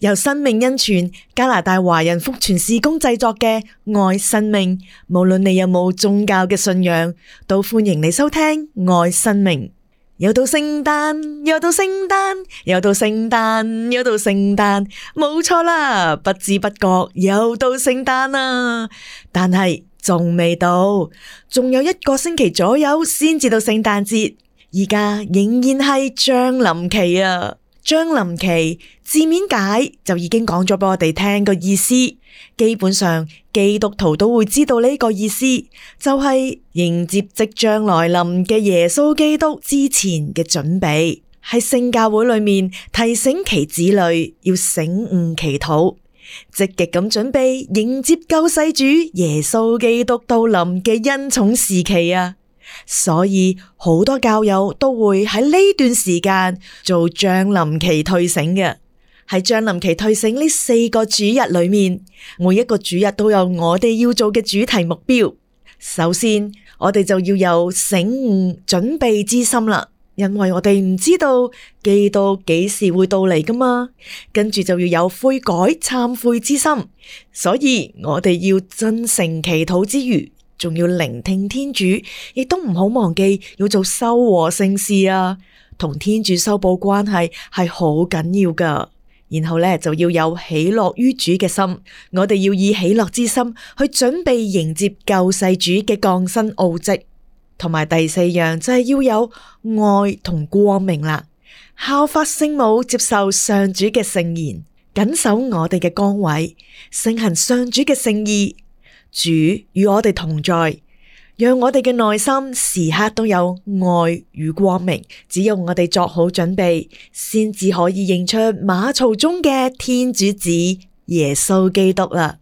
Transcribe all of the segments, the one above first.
由生命恩泉加拿大華人福泉事工製作嘅《愛生命》，無論你有冇宗教嘅信仰，都歡迎你收聽《愛生命》。又到聖誕，又到聖誕，又到聖誕，又到聖誕，冇錯啦！不知不覺又到聖誕啦，但係仲未到，仲有一個星期左右先至到聖誕節，而家仍然係降臨期啊！張林奇字面解就已經講咗俾我哋聽個意思，基本上基督徒都會知道呢個意思，就係、是、迎接即將來臨嘅耶穌基督之前嘅準備，喺聖教會裏面提醒其子女要醒悟祈禱，積極咁準備迎接救世主耶穌基督到臨嘅恩寵時期啊！所以好多教友都會喺呢段時間做將臨期退省嘅。喺將臨期退省呢四個主日裏面，每一個主日都有我哋要做嘅主題目標。首先，我哋就要有醒悟準備之心啦，因為我哋唔知道基督幾時會到嚟噶嘛。跟住就要有悔改、懺悔之心，所以我哋要真誠祈禱之餘。仲要聆聽天主，亦都唔好忘記要做修和聖事啊，同天主修補關係係好緊要噶。然後咧就要有喜樂於主嘅心，我哋要以喜樂之心去準備迎接救世主嘅降生奧蹟。同埋第四樣就係、是、要有愛同光明啦。效法聖母接受上主嘅聖言，謹守我哋嘅崗位，盛行上主嘅聖意。主與我哋同在，讓我哋嘅內心時刻都有愛與光明。只要我哋作好準備，先至可以認出馬槽中嘅天主子耶穌基督啦。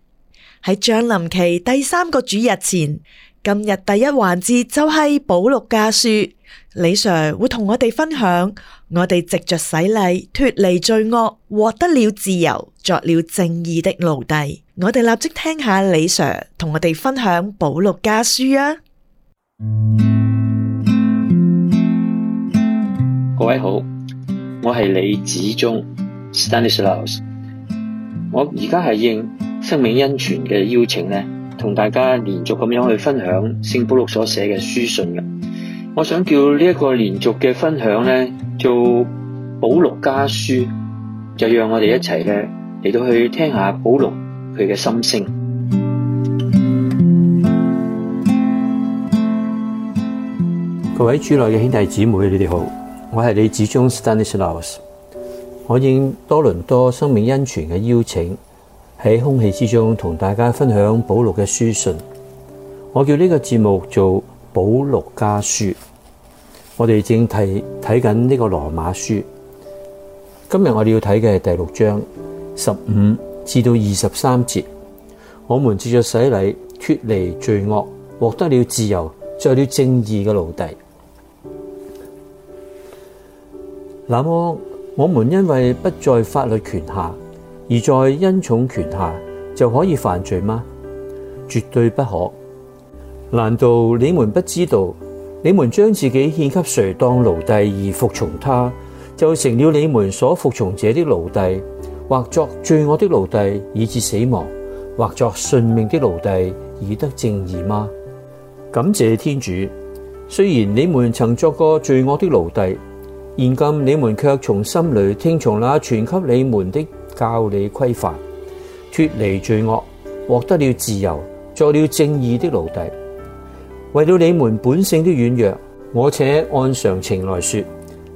喺將臨期第三個主日前，今日第一環節就係保祿家書。李 Sir 會同我哋分享我，我哋藉着洗禮脫離罪惡，獲得了自由，作了正義的奴隸。我哋立即聽下李 Sir 同我哋分享《保祿家書》啊！各位好，我係李子忠 （Stanislaus），我而家係應生命恩泉嘅邀請咧，同大家連續咁樣去分享聖保祿所寫嘅書信嘅。我想叫呢一個連續嘅分享呢做保祿家書，就讓我哋一齊咧嚟到去聽下保祿佢嘅心聲。各位主內嘅兄弟姐妹，你哋好，我係李子忠 Stanislaus，我應多倫多生命恩泉嘅邀請，喺空氣之中同大家分享保祿嘅書信。我叫呢個節目做保祿家書。我哋正睇睇緊呢個羅馬書，今日我哋要睇嘅係第六章十五至到二十三節。我們藉着洗禮脫離罪惡，獲得了自由，作了正義嘅奴隸。那麼，我們因為不在法律權下，而在恩寵權下，就可以犯罪嗎？絕對不可。難道你們不知道？你們將自己獻給誰當奴隸而服從他，就成了你們所服從者的奴隸，或作罪惡的奴隸以致死亡，或作順命的奴隸以得正義嗎？感謝天主，雖然你們曾作過罪惡的奴隸，現今你們卻從心裏聽從那傳給你們的教理規範，脫離罪惡，獲得了自由，作了正義的奴隸。為了你們本性的軟弱，我且按常情來說：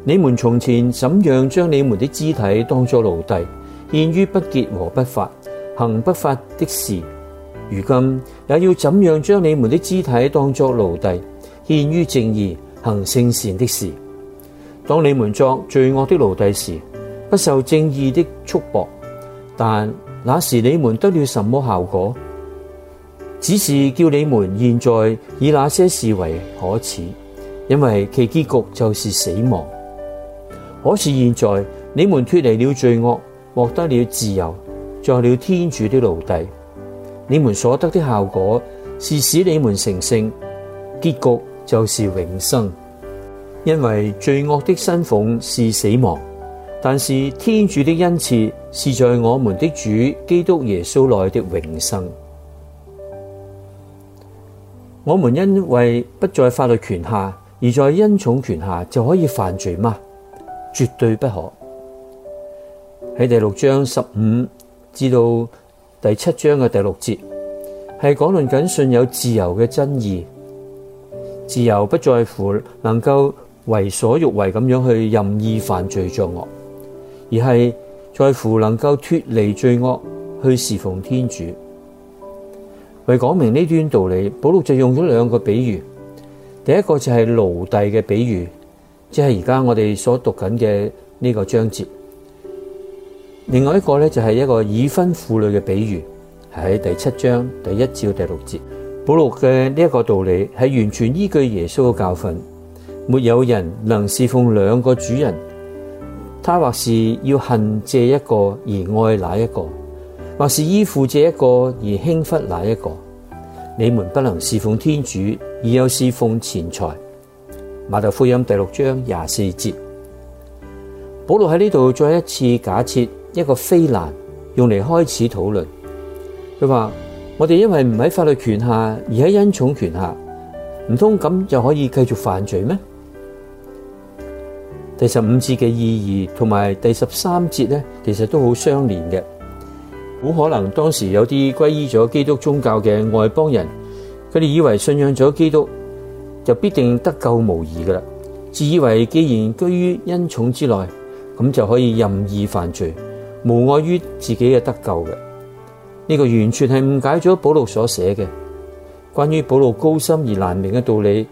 你們從前怎樣將你們的肢體當作奴隸，獻於不潔和不法、行不法的事，如今也要怎樣將你們的肢體當作奴隸，獻於正義、行聖善的事。當你們作罪惡的奴隸時，不受正義的束縛，但那時你們得了什麼效果？只是叫你們現在以那些事為可恥，因為其結局就是死亡。可是現在你們脫離了罪惡，獲得了自由，做了天主的奴隸。你們所得的效果是使你們成聖，結局就是永生。因為罪惡的薪俸是死亡，但是天主的恩賜是在我們的主基督耶穌內的永生。我們因為不在法律權下，而在恩寵權下，就可以犯罪嗎？絕對不可。喺第六章十五至到第七章嘅第六節，係講論緊信有自由嘅真義。自由不在乎能夠為所欲為咁樣去任意犯罪作惡，而係在乎能夠脫離罪惡去侍奉天主。為講明呢段道理，保祿就用咗兩個比喻。第一個就係奴隸嘅比喻，即係而家我哋所讀緊嘅呢個章節。另外一個咧就係一個已婚婦女嘅比喻，喺第七章第一至到第六節。保祿嘅呢一個道理係完全依據耶穌嘅教訓，沒有人能侍奉兩個主人，他或是要恨這一個而愛那一個。或是依附這一個而輕忽那一個，你們不能侍奉天主而又侍奉錢財。瑪竇福音第六章廿四節，保祿喺呢度再一次假設一個非難，用嚟開始討論。佢話：我哋因為唔喺法律權下，而喺恩寵權下，唔通咁就可以繼續犯罪咩？第十五節嘅意義同埋第十三節咧，其實都好相連嘅。好可能當時有啲皈依咗基督宗教嘅外邦人，佢哋以為信仰咗基督就必定得救無疑噶啦，自以為既然居於恩寵之內，咁就可以任意犯罪，無礙於自己嘅得救嘅。呢、呢個完全係誤解咗保祿所寫嘅關於保祿高深而難明嘅道理，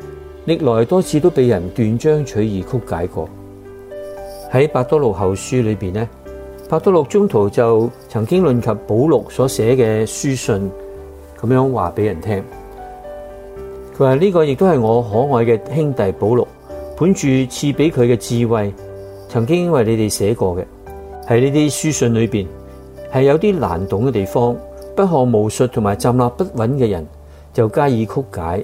歷來多次都被人斷章取義曲解過。喺《伯多祿後書》裏邊呢。伯多祿宗徒就曾經論及保祿所寫嘅書信，咁樣話俾人聽。佢話呢個亦都係我可愛嘅兄弟保祿，本住賜俾佢嘅智慧，曾經為你哋寫過嘅。喺呢啲書信裏邊係有啲難懂嘅地方，不學無術同埋站立不穩嘅人就加以曲解，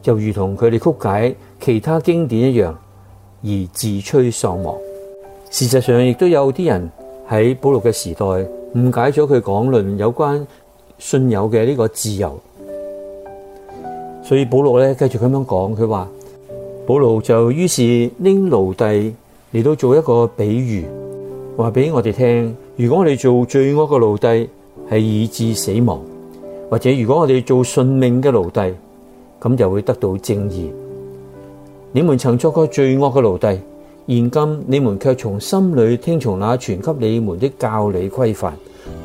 就如同佢哋曲解其他經典一樣，而自吹喪亡。事實上亦都有啲人。喺保祿嘅時代，誤解咗佢講論有關信友嘅呢個自由，所以保祿咧，繼續咁樣講，佢話保祿就於是拎奴隸嚟到做一個比喻，話俾我哋聽：「如果我哋做罪惡嘅奴隸，係以致死亡，或者如果我哋做信命嘅奴隸，咁就會得到正義。」你們曾作過罪惡嘅奴隸。現今你們卻從心裏聽從那傳給你們的教理規範，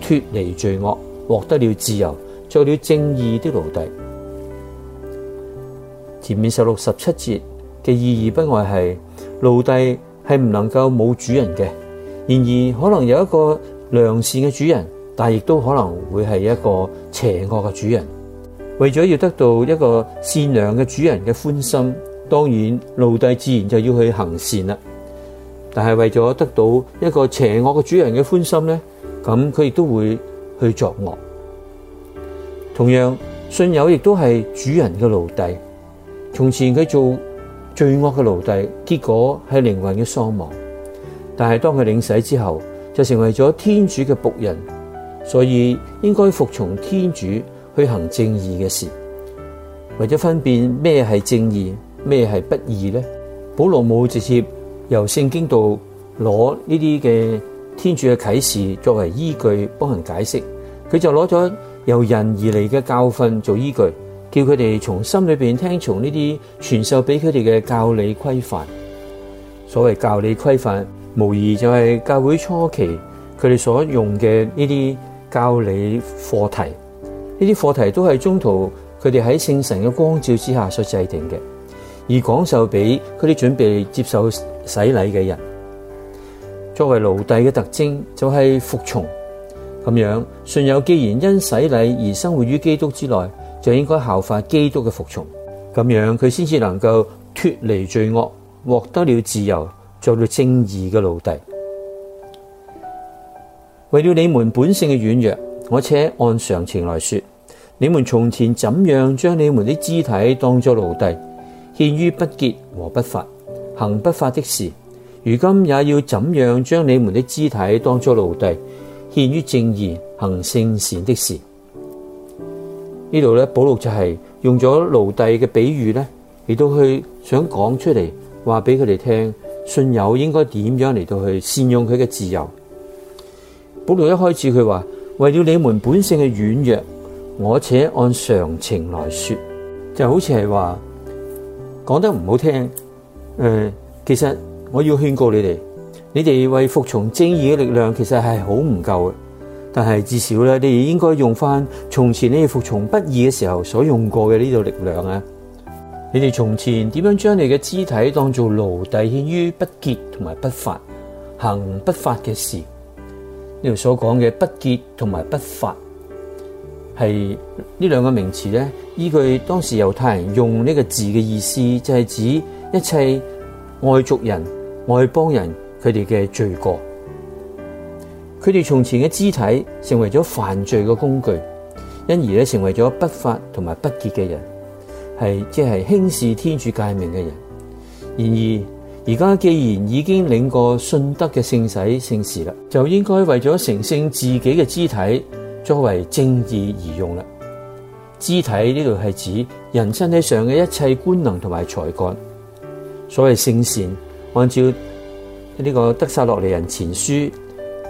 脫離罪惡，獲得了自由，做了正義的奴隸。前面十六十七節嘅意義不外係奴隸係唔能夠冇主人嘅，然而可能有一個良善嘅主人，但亦都可能會係一個邪惡嘅主人。為咗要得到一個善良嘅主人嘅歡心，當然奴隸自然就要去行善啦。但係為咗得到一個邪惡嘅主人嘅歡心咧，咁佢亦都會去作惡。同樣，信友亦都係主人嘅奴隸。從前佢做罪惡嘅奴隸，結果係靈魂嘅喪亡。但係當佢領洗之後，就成為咗天主嘅僕人，所以應該服從天主去行正義嘅事。為咗分辨咩係正義，咩係不義咧，保祿冇直接。由聖經度攞呢啲嘅天主嘅啟示作為依據，幫人解釋。佢就攞咗由人而嚟嘅教訓做依據，叫佢哋從心裏邊聽從呢啲傳授俾佢哋嘅教理規範。所謂教理規範，無疑就係教會初期佢哋所用嘅呢啲教理課題。呢啲課題都係中途佢哋喺聖神嘅光照之下所制定嘅，而講授俾佢哋準備接受洗禮嘅人，作為奴隸嘅特徵就係服從。咁樣，信友既然因洗禮而生活於基督之內，就應該效法基督嘅服從，咁樣佢先至能夠脫離罪惡，獲得了自由，做到正義嘅奴隸。為了你們本性嘅軟弱，我且按常情來說，你們從前怎樣將你們啲肢體當做奴隸，獻於不潔和不法。行不法的事，如今也要怎樣將你們的肢體當作奴隸，獻於正義，行聖善的事。呢度咧，保祿就係用咗奴隸嘅比喻咧，嚟到去想講出嚟話俾佢哋聽，信友應該點樣嚟到去善用佢嘅自由。保祿一開始佢話，為了你們本性嘅軟弱，我且按常情來說，就好似係話講得唔好聽。誒、嗯，其實我要勸告你哋，你哋為服從正義嘅力量，其實係好唔夠嘅。但係至少咧，你哋應該用翻從前你哋服從不義嘅時候所用過嘅呢度力量啊！你哋從前點樣將你嘅肢體當做奴隸獻於不潔同埋不法行不法嘅事？呢度所講嘅不潔同埋不法係呢兩個名詞咧，依據當時猶太人用呢個字嘅意思，就係指。一切外族人、外邦人，佢哋嘅罪過，佢哋從前嘅肢體成為咗犯罪嘅工具，因而咧成為咗不法同埋不潔嘅人，係即係輕視天主誡命嘅人。然而而家既然已經領過信德嘅聖洗聖事啦，就應該為咗成聖自己嘅肢體作為正義而用啦。肢體呢度係指人身體上嘅一切官能同埋才幹。所謂聖善，按照呢個德撒洛尼人前書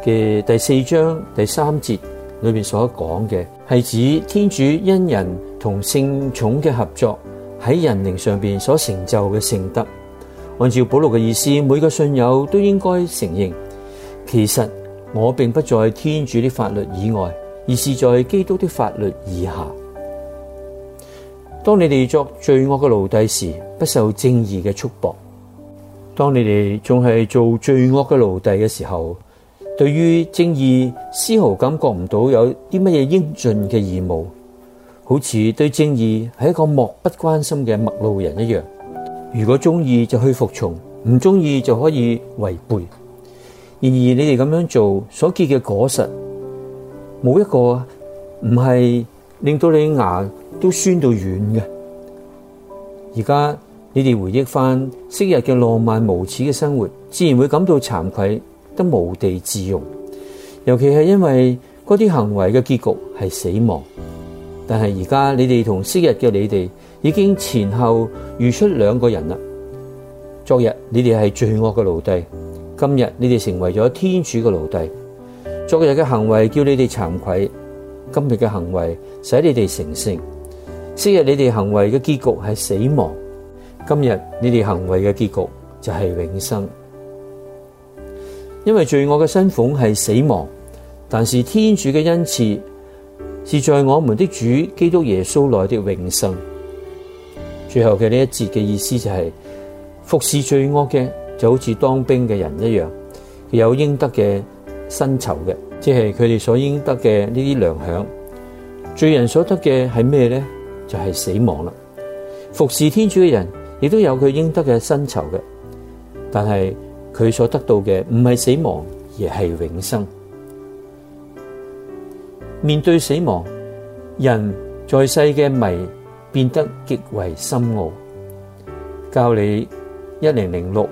嘅第四章第三節裏面所講嘅，係指天主因人同聖寵嘅合作喺人靈上邊所成就嘅聖德。按照保祿嘅意思，每個信友都應該承認，其實我並不在天主的法律以外，而是在基督的法律以下。當你哋作罪惡嘅奴隸時，不受正義嘅束縛；當你哋仲係做罪惡嘅奴隸嘅時候，對於正義絲毫感覺唔到有啲乜嘢應盡嘅義務，好似對正義係一個漠不關心嘅陌路人一樣。如果中意就去服從，唔中意就可以違背。然而你哋咁樣做所結嘅果實，冇一個唔係令到你牙都酸到軟嘅。而家你哋回憶翻昔日嘅浪漫無恥嘅生活，自然會感到慚愧得無地自容。尤其係因為嗰啲行為嘅結局係死亡。但係而家你哋同昔日嘅你哋已經前後如出兩個人啦。昨日你哋係罪惡嘅奴隸，今日你哋成為咗天主嘅奴隸。昨日嘅行為叫你哋慚愧，今日嘅行為使你哋成聖。昔日你哋行為嘅結局係死亡，今日你哋行為嘅結局就係永生，因為罪惡嘅薪俸係死亡，但是天主嘅恩賜是在我們的主基督耶穌內的永生。最後嘅呢一節嘅意思就係、是、服侍罪惡嘅就好似當兵嘅人一樣，有應得嘅薪酬嘅，即係佢哋所應得嘅呢啲糧餉。罪人所得嘅係咩咧？就係死亡啦！服侍天主嘅人亦都有佢應得嘅薪酬嘅，但係佢所得到嘅唔係死亡，而係永生。面對死亡，人在世嘅迷變得極為深奧。教理一零零六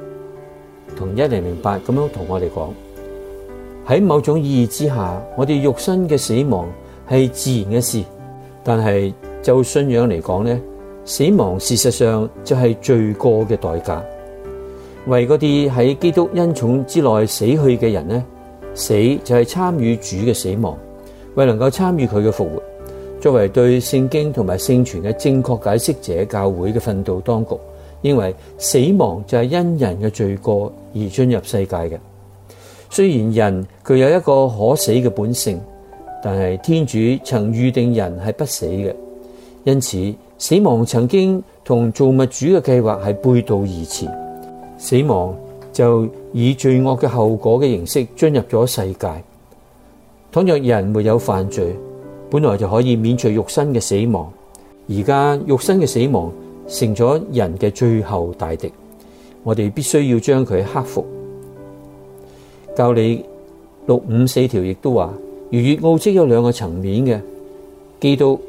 同一零零八咁樣同我哋講，喺某種意義之下，我哋肉身嘅死亡係自然嘅事，但係。就信仰嚟講咧，死亡事實上就係罪過嘅代價。為嗰啲喺基督恩寵之內死去嘅人咧，死就係參與主嘅死亡，為能夠參與佢嘅復活。作為對聖經同埋聖傳嘅正確解釋者，教會嘅訓導當局認為死亡就係因人嘅罪過而進入世界嘅。雖然人具有一個可死嘅本性，但係天主曾預定人係不死嘅。.因此，死亡曾經同造物主嘅計劃係背道而馳，死亡就以罪惡嘅後果嘅形式進入咗世界。倘若人沒有犯罪，本來就可以免除肉身嘅死亡，而家肉身嘅死亡成咗人嘅最後大敵，我哋必須要將佢克服。教理六五四條亦都話，逾越奧蹟有兩個層面嘅記到。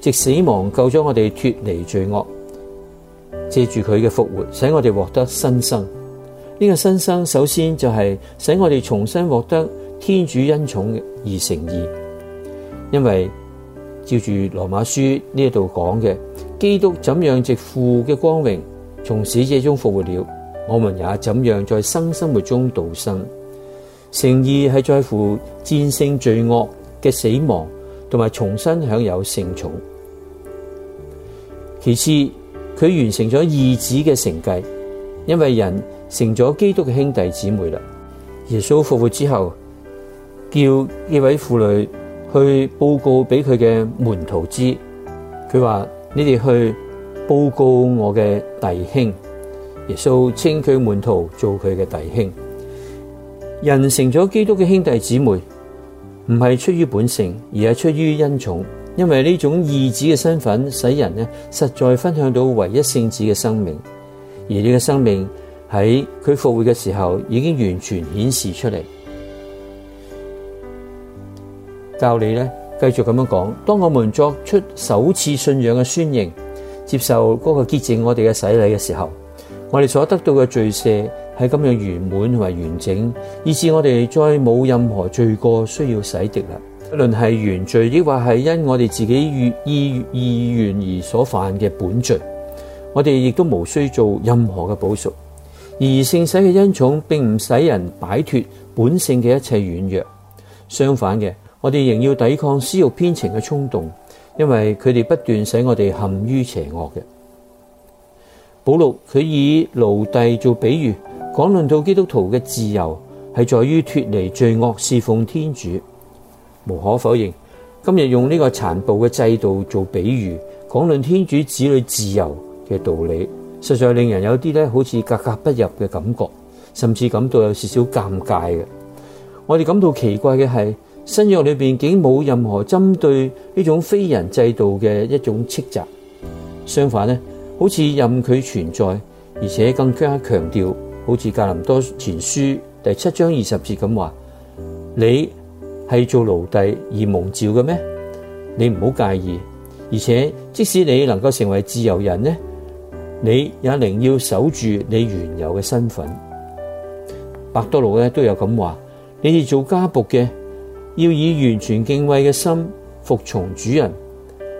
藉死亡救咗我哋脫離罪惡，借住佢嘅復活，使我哋獲得新生。呢、這個新生首先就係使我哋重新獲得天主恩寵嘅而成義，因為照住羅馬書呢度講嘅，基督怎樣藉父嘅光榮從死者中復活了，我們也怎樣在新生活中度生。成義係在乎戰勝罪惡嘅死亡。同埋重新享有聖寵。其次，佢完成咗義子嘅承繼，因為人成咗基督嘅兄弟姊妹啦。耶穌復活之後，叫呢位婦女去報告俾佢嘅門徒知，佢話：你哋去報告我嘅弟兄。耶穌稱佢門徒做佢嘅弟兄，人成咗基督嘅兄弟姊妹。唔係出於本性，而係出於恩寵。因為呢種義子嘅身份，使人咧實在分享到唯一聖子嘅生命。而你嘅生命喺佢復活嘅時候，已經完全顯示出嚟。教理呢，繼續咁樣講。當我們作出首次信仰嘅宣認，接受嗰個潔淨我哋嘅洗禮嘅時候，我哋所得到嘅罪赦。係咁樣完滿同埋完整，以致我哋再冇任何罪過需要洗滌啦。無論係原罪，亦或係因我哋自己願意意願而所犯嘅本罪，我哋亦都無需做任何嘅補贖。而聖洗嘅恩寵並唔使人擺脫本性嘅一切軟弱，相反嘅，我哋仍要抵抗私欲偏情嘅衝動，因為佢哋不斷使我哋陷於邪惡嘅。保祿佢以奴隸做比喻。講論到基督徒嘅自由係在於脫離罪惡，侍奉天主。無可否認，今日用呢個殘暴嘅制度做比喻，講論天主子女自由嘅道理，實在令人有啲咧好似格格不入嘅感覺，甚至感到有少少尷尬嘅。我哋感到奇怪嘅係新約裏邊竟冇任何針對呢種非人制度嘅一種斥責，相反呢好似任佢存在，而且更加強調。好似《格林多前書》第七章二十節咁話：你係做奴隸而蒙召嘅咩？你唔好介意，而且即使你能夠成為自由人呢，你也寧要守住你原有嘅身份。伯多祿咧都有咁話：你哋做家僕嘅要以完全敬畏嘅心服從主人，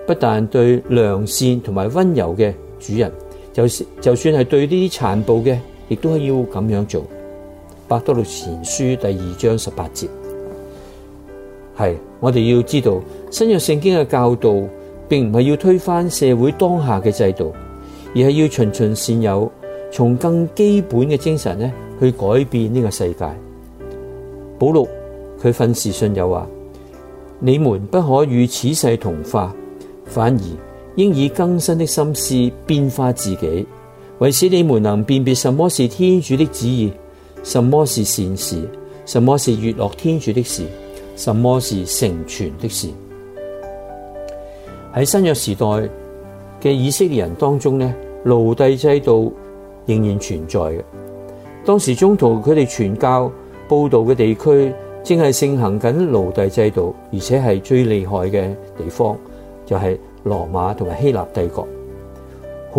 不但對良善同埋温柔嘅主人，就算是就算係對呢啲殘暴嘅。亦都係要咁樣做。《伯多祿前書》第二章十八節，係我哋要知道，新約聖經嘅教導，並唔係要推翻社會當下嘅制度，而係要循循善誘，從更基本嘅精神咧去改變呢個世界。保祿佢訓示信友話：「你們不可與此世同化，反而應以更新的心思變化自己。為使，你們能辨別什麼是天主的旨意，什麼是善事，什麼是悅樂天主的事，什麼是成全的事？喺新約時代嘅以色列人當中呢，奴隸制度仍然存在嘅。當時中途佢哋傳教布道嘅地區，正係盛行緊奴隸制度，而且係最厲害嘅地方，就係、是、羅馬同埋希臘帝國。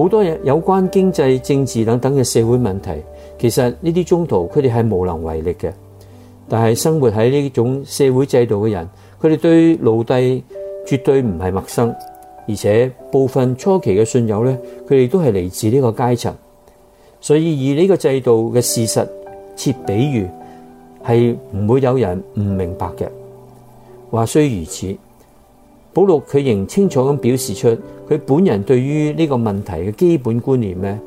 好多嘢有關經濟、政治等等嘅社會問題，其實呢啲中途佢哋係無能為力嘅。但係生活喺呢種社會制度嘅人，佢哋對奴隸絕對唔係陌生，而且部分初期嘅信友咧，佢哋都係嚟自呢個階層。所以以呢個制度嘅事實設比喻，係唔會有人唔明白嘅。話雖如此。保祿佢仍清楚咁表示出佢本人對於呢個問題嘅基本觀念咧，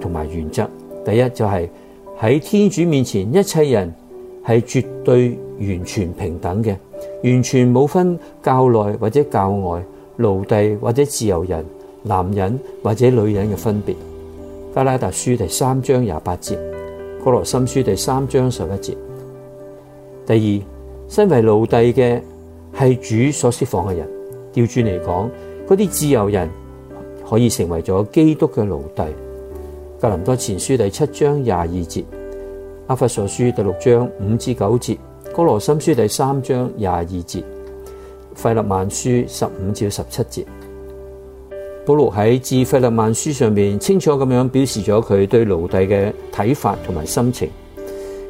同埋原則。第一就係、是、喺天主面前，一切人係絕對完全平等嘅，完全冇分教內或者教外，奴隸或者自由人，男人或者女人嘅分別。加拉達書第三章廿八節，哥羅森書第三章十一節。第二，身為奴隸嘅係主所釋放嘅人。調轉嚟講，嗰啲自由人可以成為咗基督嘅奴隸。格林多前書第七章廿二節，阿弗所書第六章五至九節，哥羅森書第三章廿二節，費勒曼書十五至十七節。保祿喺致費勒曼書上面清楚咁樣表示咗佢對奴隸嘅睇法同埋心情。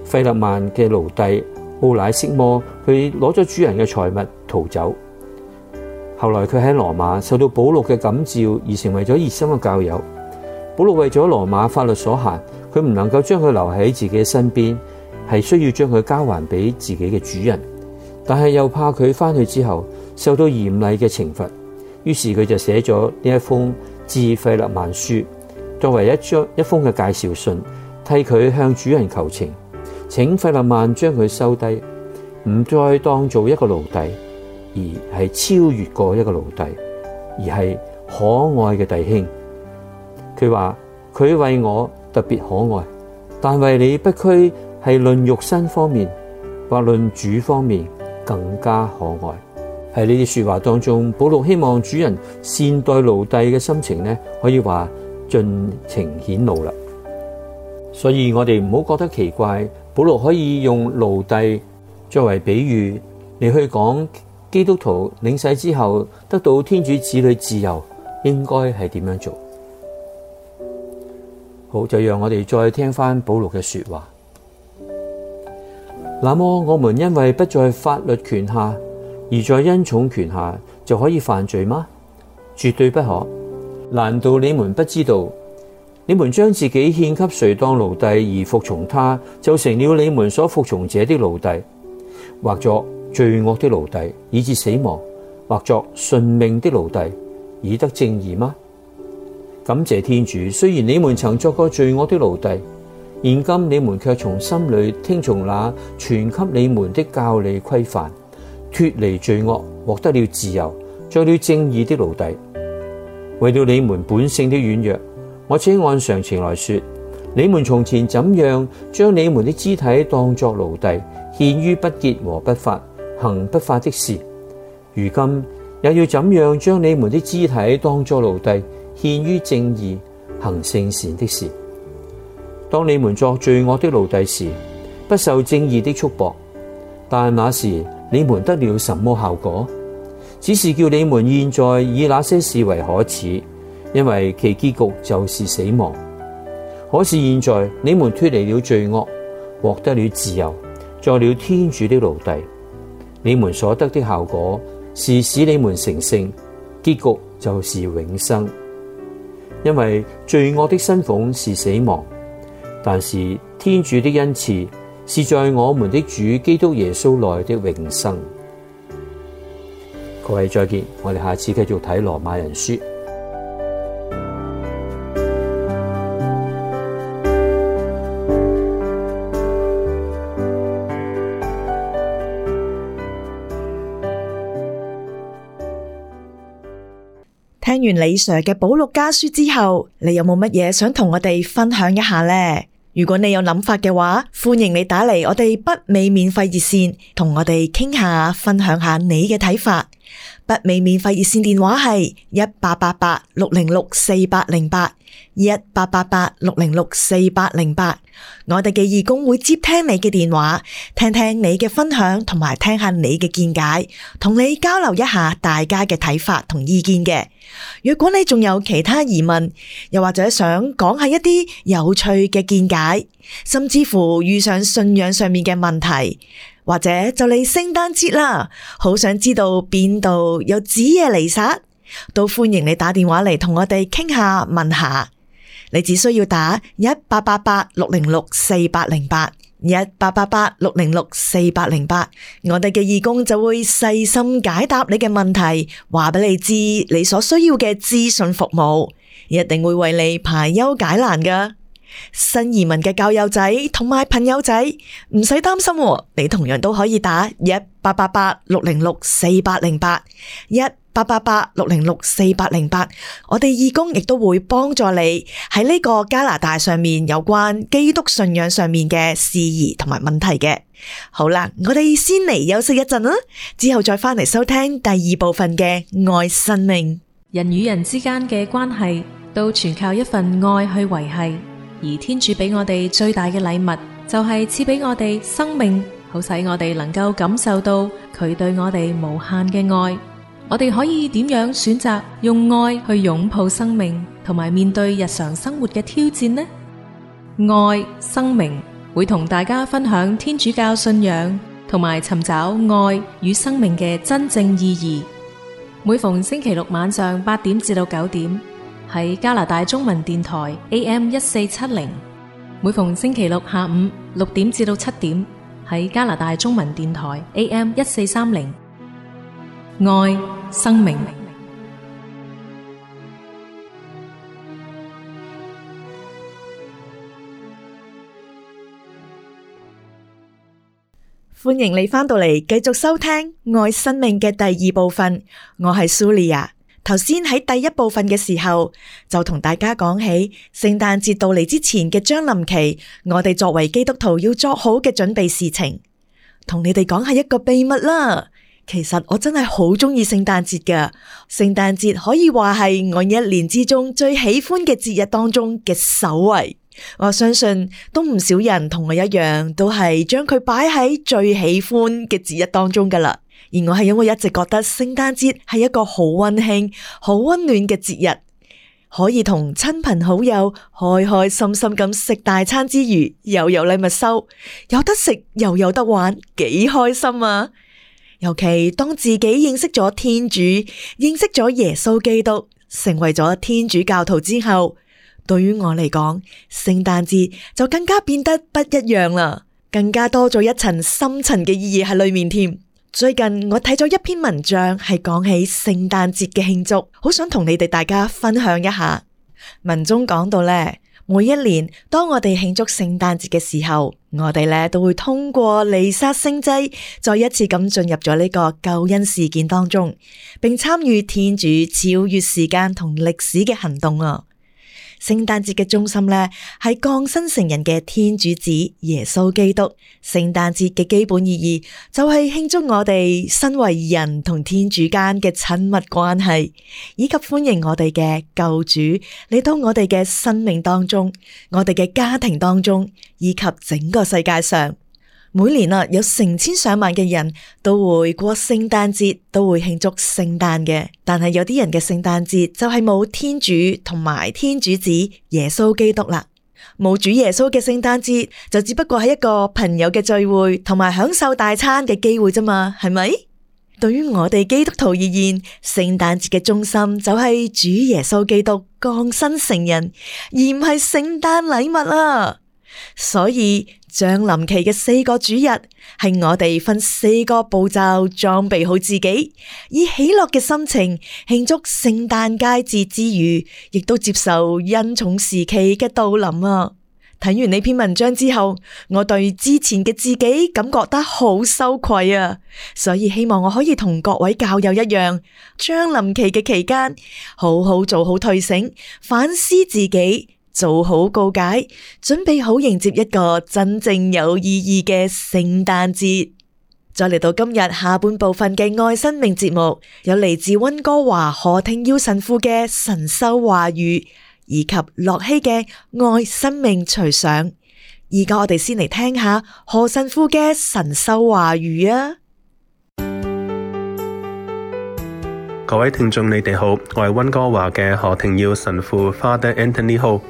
費勒曼嘅奴隸奧乃色摩，佢攞咗主人嘅財物逃走。後來佢喺羅馬受到保禄嘅感召，而成為咗熱心嘅教友。保禄為咗羅馬法律所限，佢唔能夠將佢留喺自己身邊，係需要將佢交還俾自己嘅主人。但係又怕佢翻去之後受到嚴厲嘅懲罰，於是佢就寫咗呢一封致費勒曼書，作為一張一封嘅介紹信，替佢向主人求情，請費勒曼將佢收低，唔再當做一個奴隸。而係超越過一個奴隸，而係可愛嘅弟兄。佢話佢為我特別可愛，但為你不拘係論肉身方面或論主方面更加可愛。喺呢啲說話當中，保祿希望主人善待奴隸嘅心情呢，可以話盡情顯露啦。所以我哋唔好覺得奇怪，保祿可以用奴隸作為比喻你去講。基督徒領洗之後得到天主子女自由，應該係點樣做？好，就讓我哋再聽翻，保祿嘅說話。那麼我們因為不在法律權下，而在恩寵權下，就可以犯罪嗎？絕對不可。難道你們不知道？你們將自己獻給誰當奴隸而服從他，就成了你們所服從者的奴隸，或者？罪惡的奴隸以致死亡，或作順命的奴隸以得正義嗎？感謝天主，雖然你們曾作過罪惡的奴隸，現今你們卻從心裏聽從那傳給你們的教理規範，脫離罪惡，獲得了自由，做了正義的奴隸。為了你們本性的軟弱，我請按常情來說，你們從前怎樣將你們的肢體當作奴隸，獻於不潔和不法。行不法的事，如今又要怎樣將你們的肢體當作奴隸獻於正義，行聖善的事？當你們作罪惡的奴隸時，不受正義的束縛，但那時你們得了什麼效果？只是叫你們現在以那些事為可恥，因為其結局就是死亡。可是現在你們脱離了罪惡，獲得了自由，做了天主的奴隸。你們所得的效果是使你們成聖，結局就是永生。因為罪惡的薪俸是死亡，但是天主的恩賜是在我們的主基督耶穌內的永生。各位再見，我哋下次繼續睇羅馬人書。聽完李 Sir 嘅《保祿家書》之後，你有冇乜嘢想同我哋分享一下呢？如果你有諗法嘅話，歡迎你打嚟我哋北美免費熱線，同我哋傾下，分享下你嘅睇法。不北免費熱線電話係一八八八六零六四八零八一八八八六零六四八零八，我哋嘅義工會接聽你嘅電話，聽聽你嘅分享同埋聽下你嘅見解，同你交流一下大家嘅睇法同意見嘅。若果你仲有其他疑問，又或者想講下一啲有趣嘅見解，甚至乎遇上信仰上面嘅問題。或者就嚟聖誕節啦，好想知道邊度有子夜彌撒？都歡迎你打電話嚟同我哋傾下問下。你只需要打一八八八六零六四八零八一八八八六零六四八零八，8, 8，我哋嘅義工就會細心解答你嘅問題，話俾你知你所需要嘅資訊服務，一定會為你排憂解難噶。新移民嘅教友仔同埋朋友仔唔使擔心啊，你同樣都可以打一八八八六零六四八零八一八八八六零六四八零八。我哋義工亦都會幫助你喺呢個加拿大上面有關基督信仰上面嘅事宜同埋問題嘅。好啦，我哋先嚟休息一陣啦，之後再返嚟收聽第二部分嘅愛生命。人與人之間嘅關係，都全靠一份愛去維繫。而天主俾我哋最大嘅禮物，就係賜俾我哋生命，好使我哋能夠感受到佢對我哋無限嘅愛。我哋可以點樣選擇用愛去擁抱生命，同埋面對日常生活嘅挑戰呢？愛生命會同大家分享天主教信仰，同埋尋找愛與生命嘅真正意義。每逢星期六晚上八點至到九點。喺加拿大中文電台 AM 一四七零，每逢星期六下午六點至到七點，喺加拿大中文電台 AM 一四三零，愛生命。歡迎你返到嚟，繼續收聽《愛生命》嘅第二部分。我係蘇利亞。頭先喺第一部分嘅時候，就同大家講起聖誕節到嚟之前嘅將臨期，我哋作為基督徒要做好嘅準備事情，同你哋講係一,一個秘密啦。其實我真係好鍾意聖誕節噶，聖誕節可以話係我一年之中最喜歡嘅節日當中嘅首位。我相信都唔少人同我一樣，都係將佢擺喺最喜歡嘅節日當中噶啦。而我係因為一直覺得聖誕節係一個好溫馨、好溫暖嘅節日，可以同親朋好友開開心心咁食大餐之餘，又有禮物收，有得食又有得玩，幾開心啊！尤其當自己認識咗天主、認識咗耶穌基督，成為咗天主教徒之後，對於我嚟講，聖誕節就更加變得不一樣啦，更加多咗一層深層嘅意義喺裏面添。最近我睇咗一篇文章，係講起聖誕節嘅慶祝，好想同你哋大家分享一下。文中講到呢，每一年當我哋慶祝聖誕節嘅時候，我哋呢都會通過彌撒聖祭，再一次咁進入咗呢個救恩事件當中，並參與天主超越時間同歷史嘅行動啊！聖誕節嘅中心呢，係降生成人嘅天主子耶穌基督。聖誕節嘅基本意義就係慶祝我哋身為人同天主間嘅親密關係，以及歡迎我哋嘅救主嚟到我哋嘅生命當中，我哋嘅家庭當中，以及整個世界上。每年啊，有成千上萬嘅人都會過聖誕節，都會慶祝聖誕嘅。但係有啲人嘅聖誕節就係冇天主同埋天主子耶穌基督啦，冇主耶穌嘅聖誕節就只不過係一個朋友嘅聚會同埋享受大餐嘅機會咋嘛？係咪？對於我哋基督徒而言，聖誕節嘅中心就係主耶穌基督降生成人，而唔係聖誕禮物啊。所以，將臨期嘅四個主日係我哋分四個步驟裝備好自己，以喜樂嘅心情慶祝聖誕佳節之餘，亦都接受恩寵時期嘅到臨啊！睇完呢篇文章之後，我對之前嘅自己感覺得好羞愧啊！所以希望我可以同各位教友一樣，將臨期嘅期間好好做好退省、反思自己。做好告解，準備好迎接一個真正有意義嘅聖誕節。再嚟到今日下半部分嘅愛生命節目，有嚟自温哥華何廷耀神父嘅神修話語，以及駱曦嘅愛生命隨想。而家我哋先嚟聽聽下何神父嘅神修話語啊！各位聽眾，你哋好，我係溫哥華嘅何廷耀神父 Father Anthony Ho。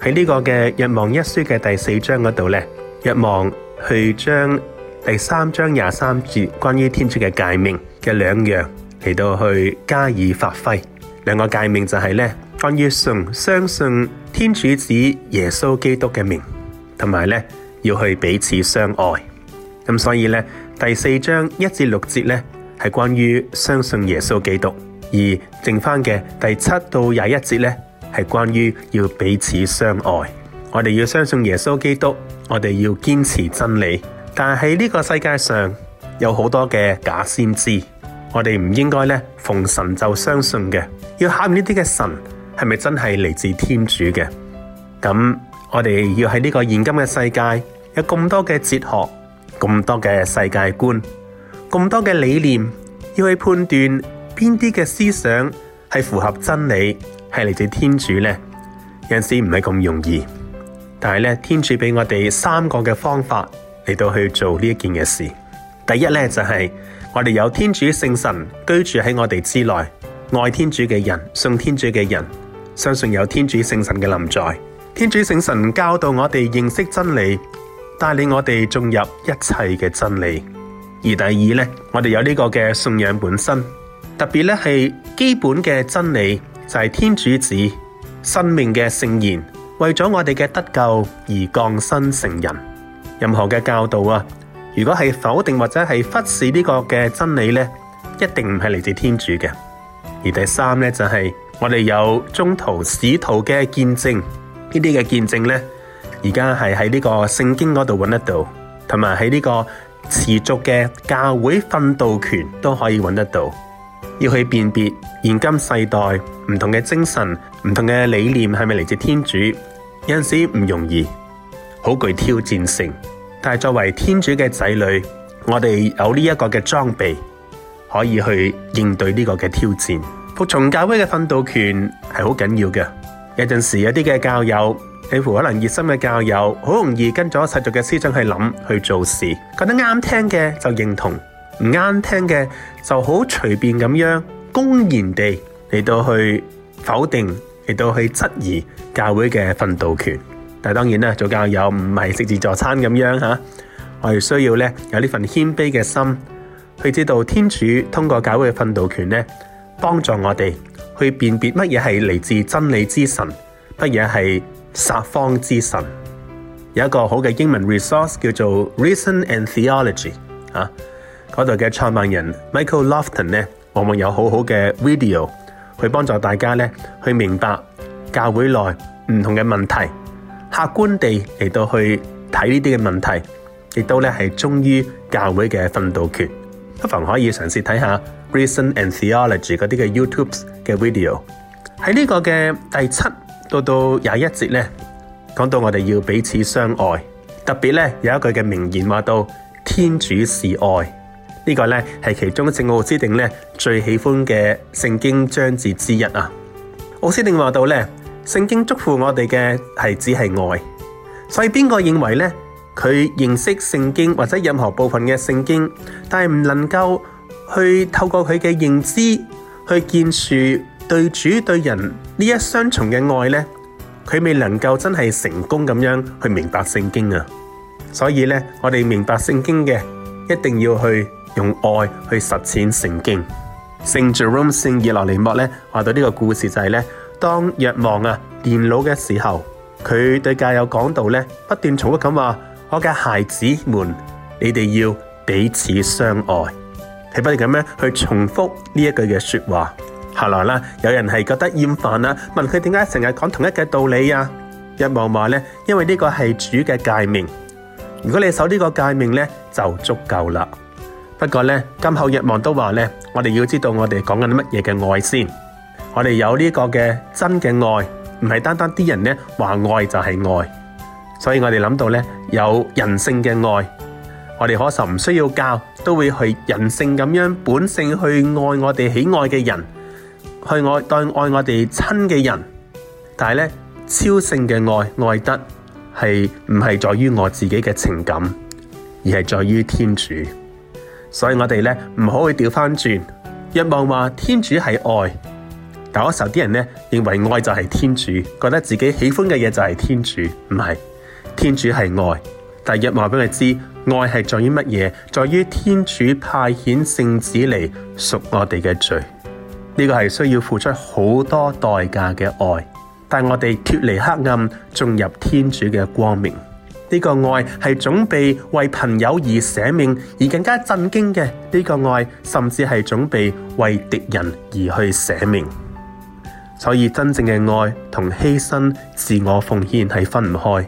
喺呢個嘅《若望一書》嘅第四章嗰度呢，若望去將第三章廿三節關於天主嘅誡命嘅兩樣嚟到去加以發揮。兩個誡命就係呢，關於信，相信天主子耶穌基督嘅名，同埋咧要去彼此相愛。咁所以呢，第四章一至六節呢係關於相信耶穌基督，而剩翻嘅第七到廿一節呢。係關於要彼此相愛，我哋要相信耶穌基督，我哋要堅持真理。但係呢個世界上有好多嘅假先知，我哋唔應該呢逢神就相信嘅。要考驗呢啲嘅神係咪真係嚟自天主嘅。咁我哋要喺呢個現今嘅世界，有咁多嘅哲學，咁多嘅世界觀，咁多嘅理念，要去判斷邊啲嘅思想係符合真理，係嚟自天主咧，有陣時唔係咁容易，但係咧，天主俾我哋三個嘅方法嚟到去做呢一件嘅事。第一咧就係、是、我哋有天主聖神居住喺我哋之內，愛天主嘅人，信天主嘅人，相信有天主聖神嘅臨在，天主聖神教導我哋認識真理，帶領我哋進入一切嘅真理。而第二咧，我哋有呢個嘅信仰本身，特別咧係基本嘅真理。就係天主子，生命嘅聖言，為咗我哋嘅得救而降生成人。任何嘅教導啊，如果係否定或者係忽視呢個嘅真理呢，一定唔係嚟自天主嘅。而第三呢，就係我哋有宗徒使徒嘅見證，呢啲嘅見證呢，而家係喺呢個聖經嗰度揾得到，同埋喺呢個持續嘅教會訓導權都可以揾得到。要去辨別現今世代唔同嘅精神、唔同嘅理念係咪嚟自天主，有陣時唔容易，好具挑戰性。但係作為天主嘅仔女，我哋有呢一個嘅裝備，可以去應對呢個嘅挑戰。服從教會嘅訓導權係好緊要嘅。有陣時有啲嘅教友，似乎可能熱心嘅教友，好容易跟咗世俗嘅思想去諗去做事，覺得啱聽嘅就認同。唔啱聽嘅就好，隨便咁樣公然地嚟到去否定嚟到去質疑教會嘅訓導權。但係當然啦，做教友唔係食自助餐咁樣吓、啊，我哋需要咧有呢份謙卑嘅心，去知道天主通過教會嘅訓導權咧，幫助我哋去辨別乜嘢係嚟自真理之神，乜嘢係撒謊之神。有一個好嘅英文 resource 叫做 Reason and Theology 啊。嗰度嘅創辦人 Michael Lofton 咧，往往有好好嘅 video 去幫助大家咧，去明白教會內唔同嘅問題，客觀地嚟到去睇呢啲嘅問題，亦都咧係忠於教會嘅訓導權。不妨可，可以嘗試睇下 Reason and Theology 嗰啲嘅 YouTube 嘅 video。喺呢個嘅第七到到廿一節咧，講到我哋要彼此相愛，特別咧有一句嘅名言話到：天主是愛。呢個咧係其中聖奧斯定咧最喜歡嘅聖經章節之一啊。奧斯定話到咧，聖經祝福我哋嘅係只係愛，所以邊個認為咧佢，認識聖經或者任何部分嘅聖經，但係唔能夠去透過佢嘅認知去建樹對主對人呢一雙重嘅愛咧，佢未能夠真係成功咁樣去明白聖經啊。所以咧，我哋明白聖經嘅一定要去。用愛去實踐聖經，聖 Jerome 聖熱羅尼莫咧話到呢個故事就係、是、咧當若望啊年老嘅時候，佢對教友講道咧，不斷重複咁話：我嘅孩子們，你哋要彼此相愛，係不斷咁樣去重複呢一句嘅說話。後來啦，有人係覺得厭煩啦，問佢點解成日講同一嘅道理啊？若望話咧，因為呢個係主嘅誡命，如果你守個戒呢個誡命咧，就足夠啦。不過呢，今後日望都話呢，我哋要知道我哋講緊乜嘢嘅愛先。我哋有呢個嘅真嘅愛，唔係單單啲人呢話愛就係愛。所以我哋諗到呢，有人性嘅愛，我哋可受唔需要教，都會去人性咁樣本性去愛我哋喜愛嘅人，去愛對愛我哋親嘅人。但係呢，超性嘅愛，愛德係唔係在於我自己嘅情感，而係在於天主。所以我哋咧唔可以調翻轉，若望話天主係愛，但嗰時候啲人咧認為愛就係天主，覺得自己喜歡嘅嘢就係天主，唔係天主係愛，但若望俾你知愛係在於乜嘢，在於天主派遣聖子嚟贖我哋嘅罪，呢個係需要付出好多代價嘅愛，但我哋脫離黑暗，進入天主嘅光明。呢個愛係準備為朋友而捨命，而更加震驚嘅呢個愛，甚至係準備為敵人而去捨命。所以真正嘅愛同犧牲、自我奉獻係分唔開。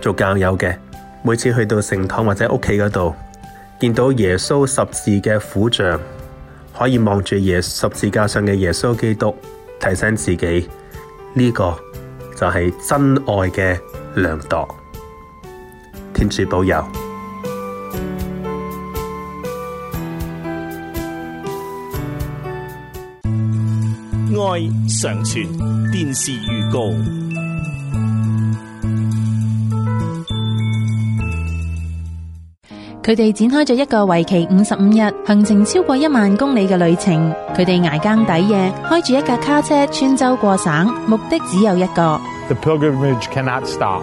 做教友嘅，每次去到聖堂或者屋企嗰度，見到耶穌十字嘅苦像，可以望住耶十字架上嘅耶穌基督，提醒自己呢個就係真愛嘅量度。天使保佑，愛常傳。電視預告，佢哋展開咗一個為期五十五日，行程超過一萬公里嘅旅程。佢哋捱更抵夜，開住一架卡車穿州過省，目的只有一個。The pilgrimage cannot stop.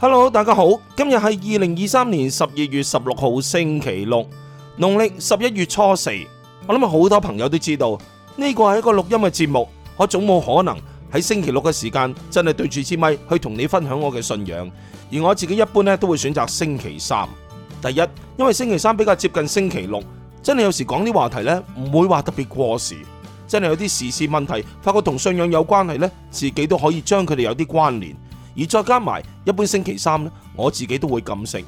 Hello，大家好！今日係二零二三年十二月十六號星期六，農曆十一月初四。我諗好多朋友都知道呢、這個係一個錄音嘅節目，我總冇可能喺星期六嘅時間真係對住支咪去同你分享我嘅信仰。而我自己一般咧都會選擇星期三，第一，因為星期三比較接近星期六，真係有時講啲話題咧唔會話特別過時，真係有啲時事問題，發覺同信仰有關係咧，自己都可以將佢哋有啲關聯。而再加埋，一般星期三呢，我自己都會禁食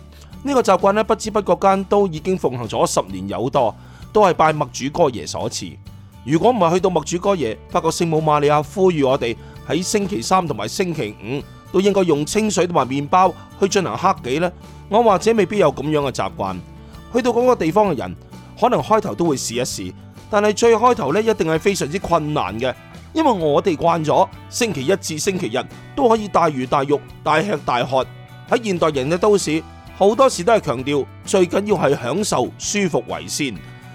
呢、這個習慣呢，不知不覺間都已經奉行咗十年有多，都係拜默主哥耶所賜。如果唔係去到默主哥耶，發覺聖母瑪利亞呼籲我哋喺星期三同埋星期五都應該用清水同埋麵包去進行黑祭呢，我或者未必有咁樣嘅習慣。去到嗰個地方嘅人，可能開頭都會試一試，但係最開頭呢，一定係非常之困難嘅。因為我哋慣咗星期一至星期日都可以大魚大肉、大吃大喝。喺現代人嘅都市，好多時都係強調最緊要係享受、舒服為先。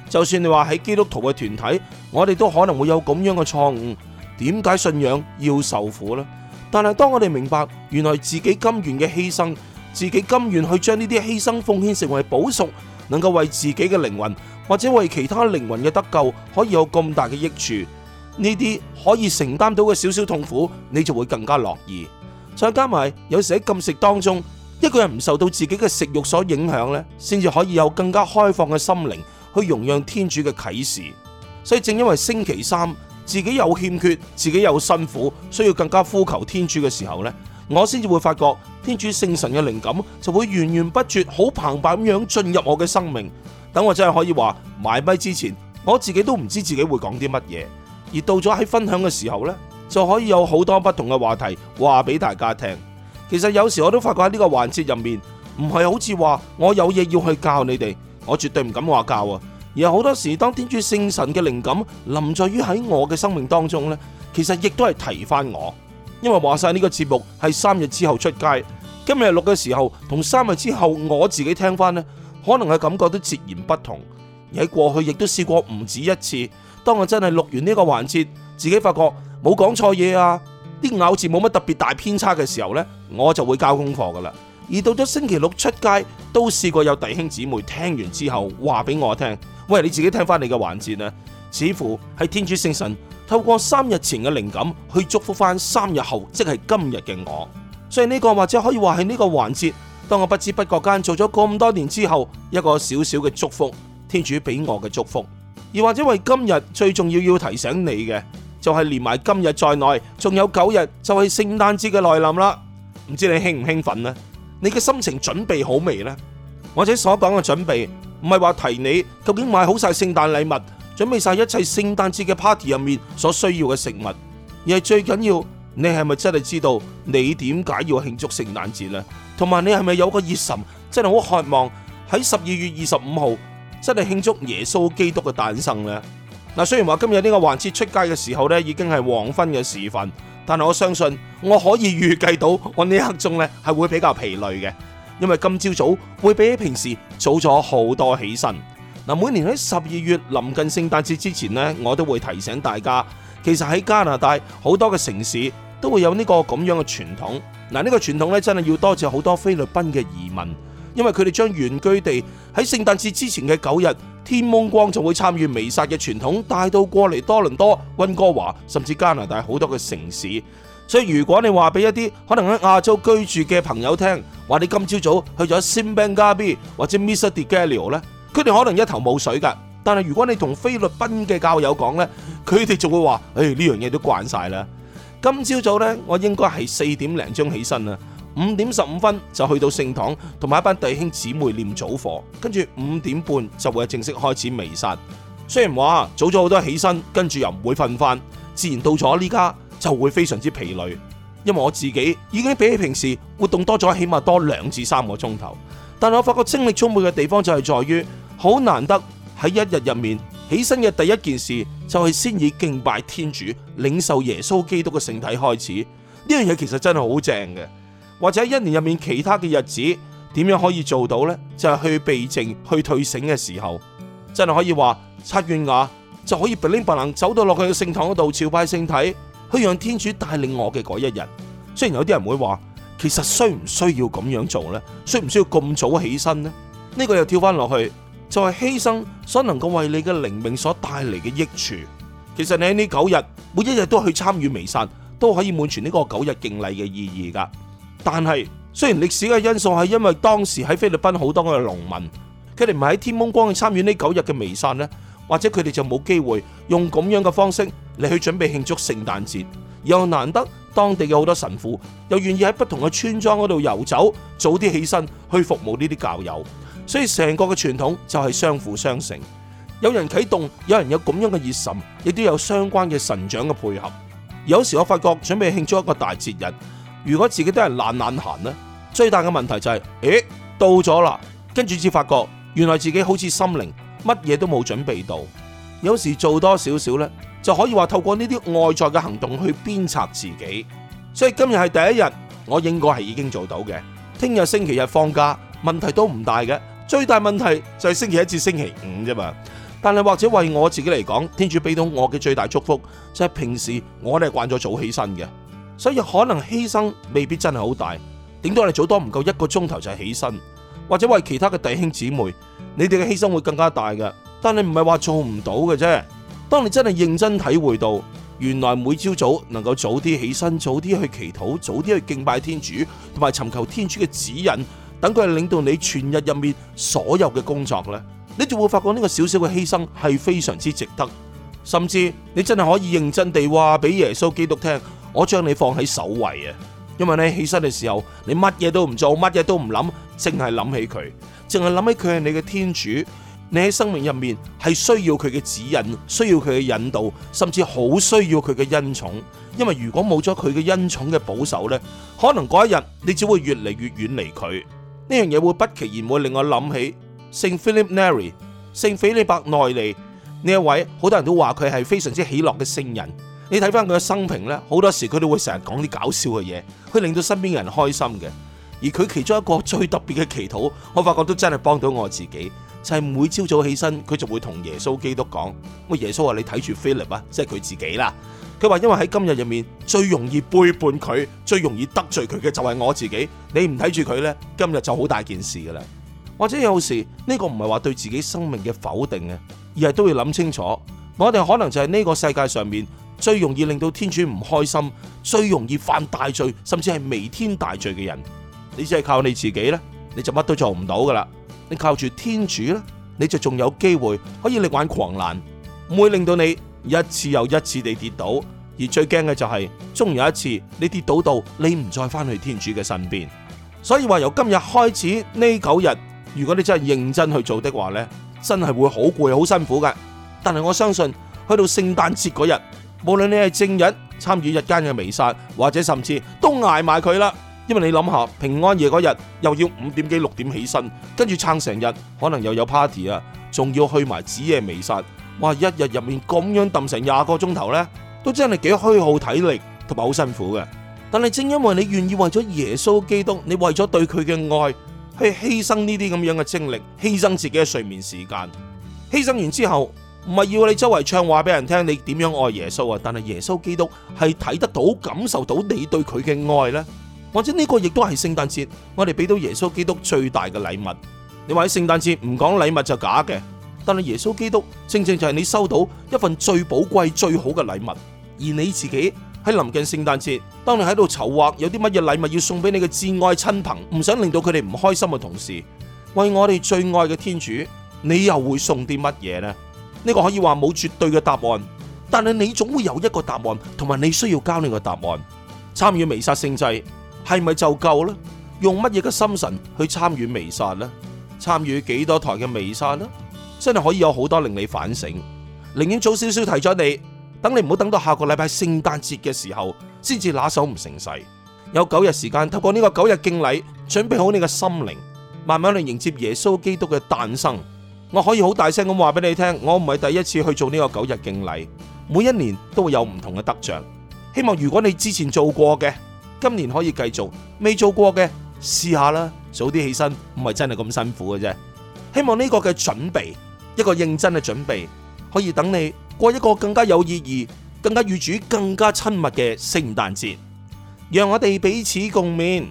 就算你話喺基督徒嘅團體，我哋都可能會有咁樣嘅錯誤。點解信仰要受苦呢？但係當我哋明白原來自己甘願嘅犧牲，自己甘願去將呢啲犧牲奉獻成為補贖，能夠為自己嘅靈魂或者為其他靈魂嘅得救，可以有咁大嘅益處。呢啲可以承擔到嘅少少痛苦，你就會更加樂意。再加埋有時喺禁食當中，一個人唔受到自己嘅食慾所影響呢，先至可以有更加開放嘅心靈去容讓天主嘅啟示。所以正因為星期三自己有欠缺，自己又辛苦，需要更加呼求天主嘅時候呢，我先至會發覺天主聖神嘅靈感就會源源不絕，好澎湃咁樣進入我嘅生命，等我真係可以話買米之前，我自己都唔知自己會講啲乜嘢。而到咗喺分享嘅時候呢，就可以有好多不同嘅話題話俾大家聽。其實有時我都發覺喺呢個環節入面，唔係好似話我有嘢要去教你哋，我絕對唔敢話教啊！而好多時，當天主聖神嘅靈感臨在於喺我嘅生命當中呢，其實亦都係提翻我，因為話晒呢個節目係三日之後出街，今日錄嘅時候同三日之後我自己聽翻呢，可能係感覺都截然不同。而喺過去亦都試過唔止一次。當我真係錄完呢個環節，自己發覺冇講錯嘢啊，啲咬字冇乜特別大偏差嘅時候呢，我就會交功課噶啦。而到咗星期六出街，都試過有弟兄姊妹聽完之後話俾我聽：喂，你自己聽翻你嘅環節啊，似乎係天主聖神透過三日前嘅靈感去祝福翻三日後即係今日嘅我。所以呢個或者可以話係呢個環節，當我不知不覺間做咗咁多年之後，一個小小嘅祝福，天主俾我嘅祝福。而或者為今日最重要要提醒你嘅，就係連埋今日在內，仲有九日就係聖誕節嘅來臨啦。唔知你興唔興奮呢？你嘅心情準備好未呢？或者所講嘅準備，唔係話提你究竟買好晒聖誕禮物，準備晒一切聖誕節嘅 party 入面所需要嘅食物，而係最緊要你係咪真係知道你點解要慶祝聖誕節呢？同埋你係咪有個熱忱，真係好渴望喺十二月二十五號，真係慶祝耶穌基督嘅誕生呢。嗱，雖然話今日呢個環節出街嘅時候咧，已經係黃昏嘅時分，但係我相信我可以預計到我呢一刻鐘咧係會比較疲累嘅，因為今朝早會比平時早咗好多起身。嗱，每年喺十二月臨近聖誕節之前呢，我都會提醒大家，其實喺加拿大好多嘅城市都會有呢個咁樣嘅傳統。嗱，呢個傳統呢，真係要多謝好多菲律賓嘅移民。因為佢哋將原居地喺聖誕節之前嘅九日，天蒙光就會參與彌撒嘅傳統，帶到過嚟多倫多、溫哥華甚至加拿大好多嘅城市。所以如果你話俾一啲可能喺亞洲居住嘅朋友聽，話你今朝早去咗 Simbang Gabi 或者 Misa de Gallo 呢，佢哋可能一頭霧水㗎。但係如果你同菲律賓嘅教友講呢，佢哋就會話：誒，呢樣嘢都慣晒啦。今朝早呢，我應該係四點零鐘起身啊。五點十五分就去到聖堂，同埋一班弟兄姊妹念早課，跟住五點半就會正式開始彌撒。雖然話早咗好多起身，跟住又唔會瞓翻，自然到咗呢家就會非常之疲累。因為我自己已經比起平時活動多咗，起碼多兩至三個鐘頭。但我發覺精力充沛嘅地方就係在於好難得喺一日入面起身嘅第一件事就係先以敬拜天主、領受耶穌基督嘅聖體開始呢樣嘢，這個、其實真係好正嘅。或者一年入面其他嘅日子，點樣可以做到呢？就係、是、去避靜、去退省嘅時候，真係可以話刷完牙就可以 bling bling 走到落去聖堂嗰度朝拜聖體，去讓天主帶領我嘅嗰一日。雖然有啲人會話，其實需唔需要咁樣做呢？需唔需要咁早起身呢？呢、這個又跳翻，落去就係、是、犧牲所能夠為你嘅靈命所帶嚟嘅益處。其實你喺呢九日，每一日都去參與彌撒，都可以滿全呢個九日敬禮嘅意義噶。但係雖然歷史嘅因素係因為當時喺菲律賓好多嘅農民，佢哋唔係喺天濛光去參與呢九日嘅彌撒呢，或者佢哋就冇機會用咁樣嘅方式嚟去準備慶祝聖誕節。又難得當地嘅好多神父又願意喺不同嘅村莊嗰度游走，早啲起身去服務呢啲教友。所以成個嘅傳統就係相輔相成，有人啟動，有人有咁樣嘅熱忱，亦都有相關嘅神長嘅配合。有時我發覺準備慶祝一個大節日。如果自己都係懶懶閒呢，最大嘅問題就係，誒，到咗啦，跟住至發覺，原來自己好似心靈乜嘢都冇準備到。有時做多少少呢，就可以話透過呢啲外在嘅行動去鞭策自己。所以今日係第一日，我應該係已經做到嘅。聽日星期日放假，問題都唔大嘅。最大問題就係星期一至星期五啫嘛。但係或者為我自己嚟講，天主俾到我嘅最大祝福，就係平時我咧係慣咗早起身嘅。所以可能犧牲未必真係好大，頂多你早多唔夠一個鐘頭就起身，或者為其他嘅弟兄姊妹，你哋嘅犧牲會更加大嘅。但你唔係話做唔到嘅啫。當你真係認真體會到，原來每朝早能夠早啲起身，早啲去祈禱，早啲去敬拜天主，同埋尋求天主嘅指引，等佢係領導你全日入面所有嘅工作呢，你就會發覺呢個少少嘅犧牲係非常之值得，甚至你真係可以認真地話俾耶穌基督聽。我將你放喺首位啊！因為你起身嘅時候，你乜嘢都唔做，乜嘢都唔諗，淨係諗起佢，淨係諗起佢係你嘅天主。你喺生命入面係需要佢嘅指引，需要佢嘅引導，甚至好需要佢嘅恩寵。因為如果冇咗佢嘅恩寵嘅保守呢，可能嗰一日你只會越嚟越遠離佢。呢樣嘢會不其然會令我諗起聖 Philip Neri，聖腓力伯內利呢一位，好多人都話佢係非常之喜樂嘅聖人。你睇翻佢嘅生平咧，好多時佢都會成日講啲搞笑嘅嘢，可令到身邊嘅人開心嘅。而佢其中一個最特別嘅祈禱，我發覺都真係幫到我自己。就係每朝早起身，佢就會同耶穌基督講。我耶穌話：你睇住 Philip 啊，即係佢自己啦。佢話因為喺今日入面最容易背叛佢、最容易得罪佢嘅就係我自己。你唔睇住佢呢，今日就好大件事噶啦。或者有時呢個唔係話對自己生命嘅否定嘅，而係都要諗清楚，我哋可能就係呢個世界上面。最容易令到天主唔開心，最容易犯大罪，甚至係彌天大罪嘅人。你只係靠你自己咧，你就乜都做唔到噶啦。你靠住天主咧，你就仲有機會可以力挽狂瀾，唔會令到你一次又一次地跌倒。而最驚嘅就係、是，終有一次你跌倒到你唔再翻去天主嘅身邊。所以話由今日開始呢九日，如果你真係認真去做的話呢，真係會好攰好辛苦嘅。但係我相信去到聖誕節嗰日。無論你係正日參與日間嘅彌撒，或者甚至都挨埋佢啦。因為你諗下平安夜嗰日又要五點幾六點起身，跟住撐成日，可能又有 party 啊，仲要去埋子夜彌撒。哇，一日入面咁樣揼成廿個鐘頭呢，都真係幾虛耗體力同埋好辛苦嘅。但係正因為你願意為咗耶穌基督，你為咗對佢嘅愛，去犧牲呢啲咁樣嘅精力，犧牲自己嘅睡眠時間，犧牲完之後。唔係要你周圍唱話俾人聽，你點樣愛耶穌啊？但係耶穌基督係睇得到、感受到你對佢嘅愛呢？或者呢個亦都係聖誕節，我哋俾到耶穌基督最大嘅禮物。你話喺聖誕節唔講禮物就假嘅，但係耶穌基督正正就係你收到一份最寶貴、最好嘅禮物。而你自己喺臨近聖誕節，當你喺度籌劃有啲乜嘢禮物要送俾你嘅摯愛親朋，唔想令到佢哋唔開心嘅同時，為我哋最愛嘅天主，你又會送啲乜嘢呢？呢個可以話冇絕對嘅答案，但係你總會有一個答案，同埋你需要交你嘅答案。參與彌撒聖祭係咪就夠咧？用乜嘢嘅心神去參與彌撒呢？參與幾多台嘅彌撒呢？真係可以有好多令你反省，寧願早少少提咗你，等你唔好等到下個禮拜聖誕節嘅時候先至拿手唔成勢。有九日時間，透過呢個九日敬禮，準備好你嘅心靈，慢慢嚟迎接耶穌基督嘅誕生。我可以好大聲咁話俾你聽，我唔係第一次去做呢個九日敬禮，每一年都會有唔同嘅得着。希望如果你之前做過嘅，今年可以繼續；未做過嘅，試下啦。早啲起身，唔係真係咁辛苦嘅啫。希望呢個嘅準備，一個認真嘅準備，可以等你過一個更加有意義、更加與主更加親密嘅聖誕節，讓我哋彼此共勉。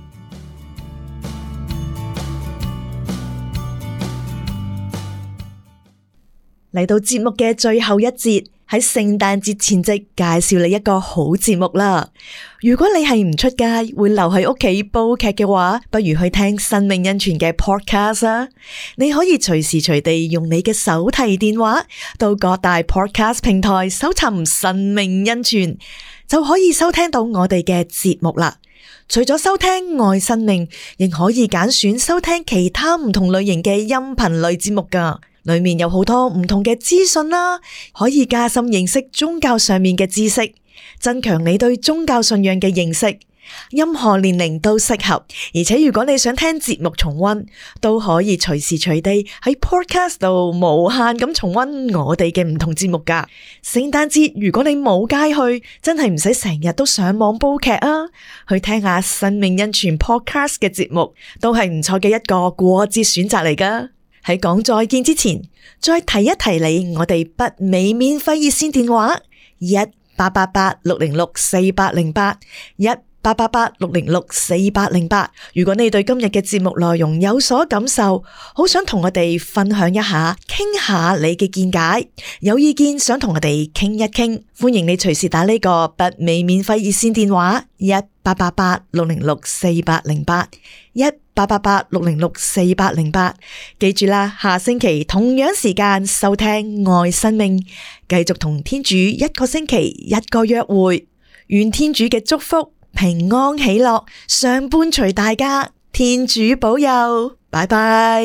嚟到節目嘅最後一節，喺聖誕節前夕介紹你一個好節目啦。如果你係唔出街，會留喺屋企煲劇嘅話，不如去聽《生命恩泉》嘅 podcast 啊！你可以隨時隨地用你嘅手提電話到各大 podcast 平台搜尋《生命恩泉》，就可以收聽到我哋嘅節目啦。除咗收聽外，愛生命亦可以揀選收聽其他唔同類型嘅音頻類節目噶。裏面有好多唔同嘅資訊啦，可以加深認識宗教上面嘅知識，增強你對宗教信仰嘅認識。任何年齡都適合，而且如果你想聽節目重溫，都可以隨時隨地喺 Podcast 度無限咁重溫我哋嘅唔同節目噶。聖誕節如果你冇街去，真係唔使成日都上網煲劇啊，去聽下《生命恩泉 Podcast》嘅 Pod 節目，都係唔錯嘅一個過節選擇嚟噶。喺講再見之前，再提一提你，我哋北美免費熱線電話一八八八六零六四八零八一。八八八六零六四八零八。如果你對今日嘅節目內容有所感受，好想同我哋分享一下，傾下你嘅見解，有意見想同我哋傾一傾，歡迎你隨時打呢個北美免費熱線電話：一八八八六零六四八零八。一八八八六零六四八零八。記住啦，下星期同樣時間收聽愛生命，繼續同天主一個星期一個約會，願天主嘅祝福，平安喜樂，常伴隨大家，天主保佑，拜拜。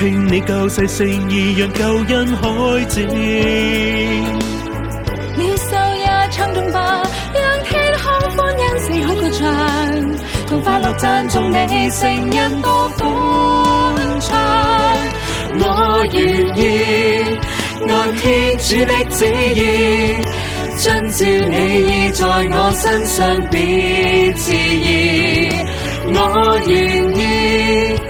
憑你救世聖意，讓救恩開展。了受也唱動吧，讓天空歡欣，四海歌唱，同快樂讚頌你，聖人多歡暢。我願意，按天主的旨意，遵照你意在我身上，別遲疑。我願意。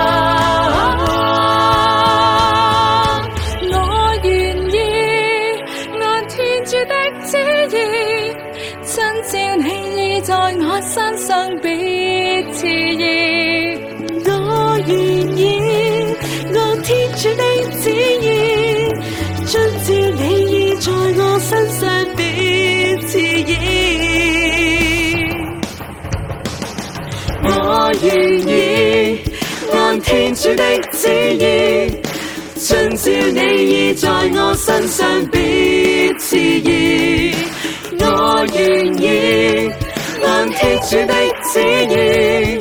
我願意按天主的旨意，盡照你意在我身上，別遲疑。我願意按天主的旨意，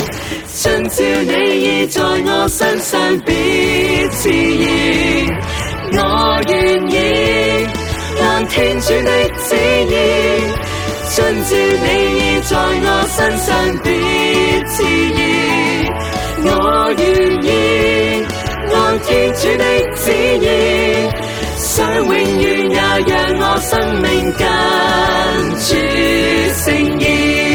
盡照你意在我身上，別遲疑。我願意按天主的旨意。遵照你已在我身上，別遲疑，我願意按天主的旨意，想永遠也讓我生命近處誠意。